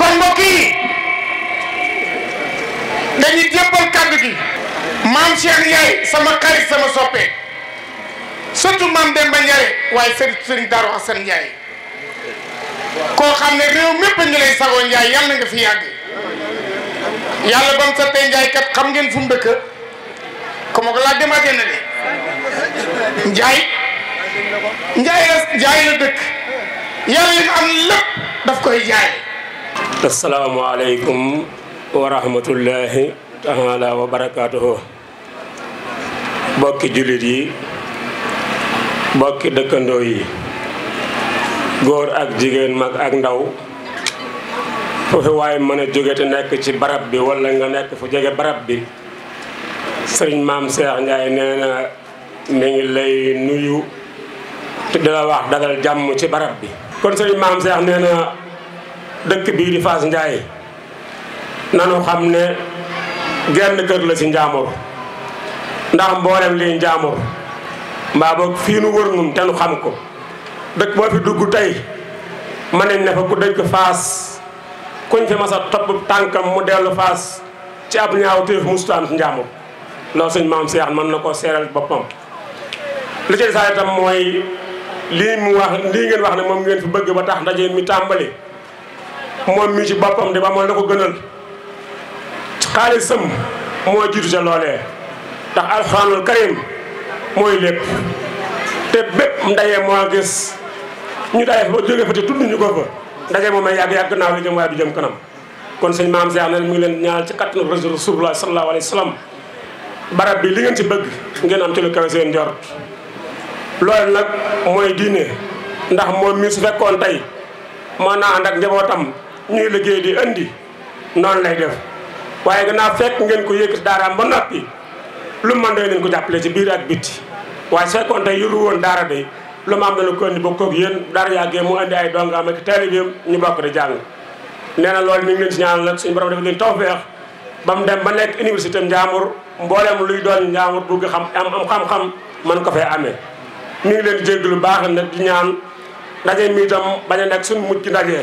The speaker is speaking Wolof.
kon mbokk yi dañuy jébbal kàddu gi maam Cheikh Ndiaye sama xarit sama soppe surtout maam Demba Ndiaye waaye sëriñ sëriñ Daaru Assane Ndiaye koo xam ne réew mépp ñu lay sagoo Ndiaye yàlla nga fi yàgg yàlla ba mu sottee kat xam ngeen fu mu dëkk ko ma ko laaj demaatee na de Ndiaye Ndiaye la Ndiaye la yàlla li mu am lépp daf koy jaay. asalaamualeykum wa rahmatullahi taala wa barakaatuhu bokki jullit yi bokki dëkkandoo yi góor ak jigéen mag ak ndaw foofu waaye mën a jóge te nekk ci barab bi wala nga nekk fu jege barab bi sëriñ maam Cheikh Ndiaye nee na ngi lay nuyu te dala wax dalal jàmm ci barab bi kon sëriñ maam Cheikh nee dëkk bii di Fass na nanu xam ne genn kër la ci njaamur ndax mboolem lii njaamur mbaa boog fii nu wër nun te nu xam ko dëkk boo fi dugg tey mën nañ ne fa ku dëkk Fass kuñ fi masa topp tànkam mu dellu Fass ci ab ñaaw téef musta am ci njaamur loolu suñ maam Seex mën na ko seeral boppam li ci saa itam mooy lii mu wax lii ngeen wax ne moom ngeen fi bëgg ba tax ndaje mi tàmbali moom mi ci boppam di ba mooy la ko gënal xaalisam moo jiitu ca loolee ndax alxuraanul karim mooy lépp te bépp ndaje moo gis ñu daye fa ba jóge fa ñu ko fa ndaje moom yàgg yàgg naaw li jëm waaye du jëm kanam kon sëñ maam Seex ne mu ngi leen ñaanal ci kattanu rasulullah sallallahu alayhi wa sallam barab bi li ngeen ci bëgg ngeen am ci lu kawe seen njort loolu nag mooy diine ndax moo mi su fekkoon tey mën naa ànd ak ñuy liggéey di andi noonu lay def waaye naa fekk ngeen ko daara am ba noppi lu man doy ngeen ko jàppale ci biir ak bitti waaye fekkoon tey yuru woon daara day lu mu am dana ko indi bokkoog yéen daara yàggee mu indi ay dongaam ak taalibeem ñu bokk di jàng nee na loolu mi ngi leen ci ñaanal suñ suñu borom def leen tawfeex ba mu dem ba nekk université Njaambur mboolem luy doon Njaambur bugg xam am am xam-xam man ko fee amee mi ngi leen di lu baax nag di ñaan ndaje mi itam bañ a nekk suñu mujj ndaje